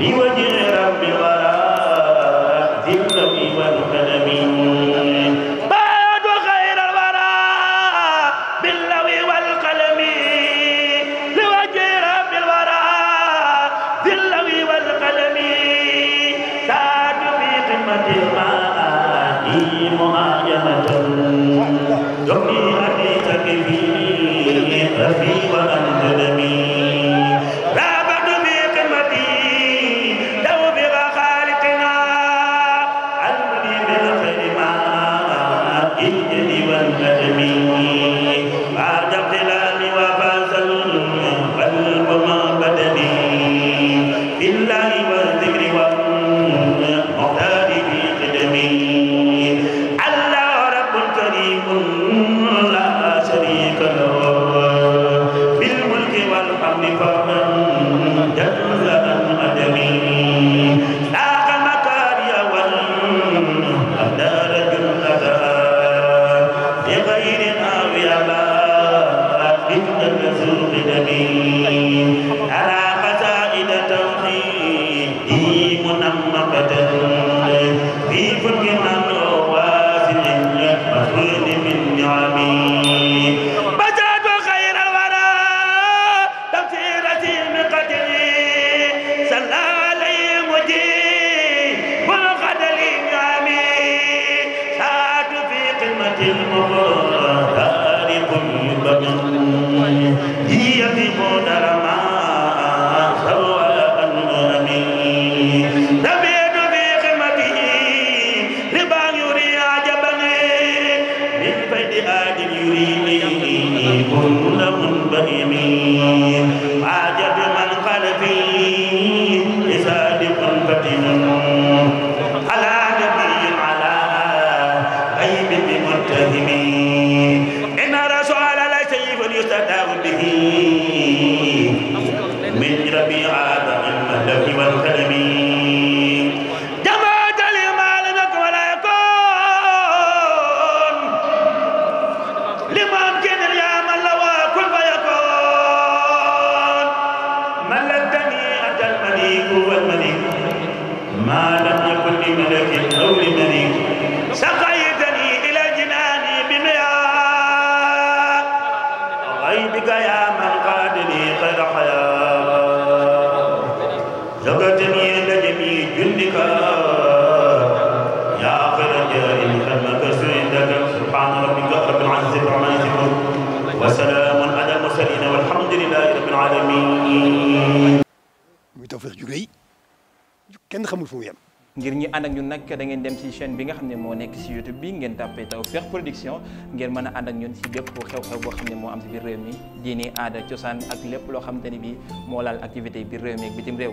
لوجه مؤايمة دعني أتيك به أبي وأنت نبي الكثير من نعمي بجاد خير الورى تفسيرتي من قدري صلى علي مجيب وغدا لي نعمي سعد في قمة المغرى تارك البدن كل منبئم عجب من قلبي لصادق فتن على نبي على غيب بمتهم إن رسول الله سيف يستدعى به من ربي آدم المهلك والكلمين ngir ñi ànd ak ñun nag da ngeen dem ci chaîne bi nga xam ne moo nekk ci YouTube bi ngeen tàppee Tawfekh Production ngeen mën a ànd ak ñun ci bépp xew-xew boo xam ne moo am ci biir réew mi diini aada cosaan ak lépp loo xamante ni bi moo laal activité biir réew mi ak bitim réew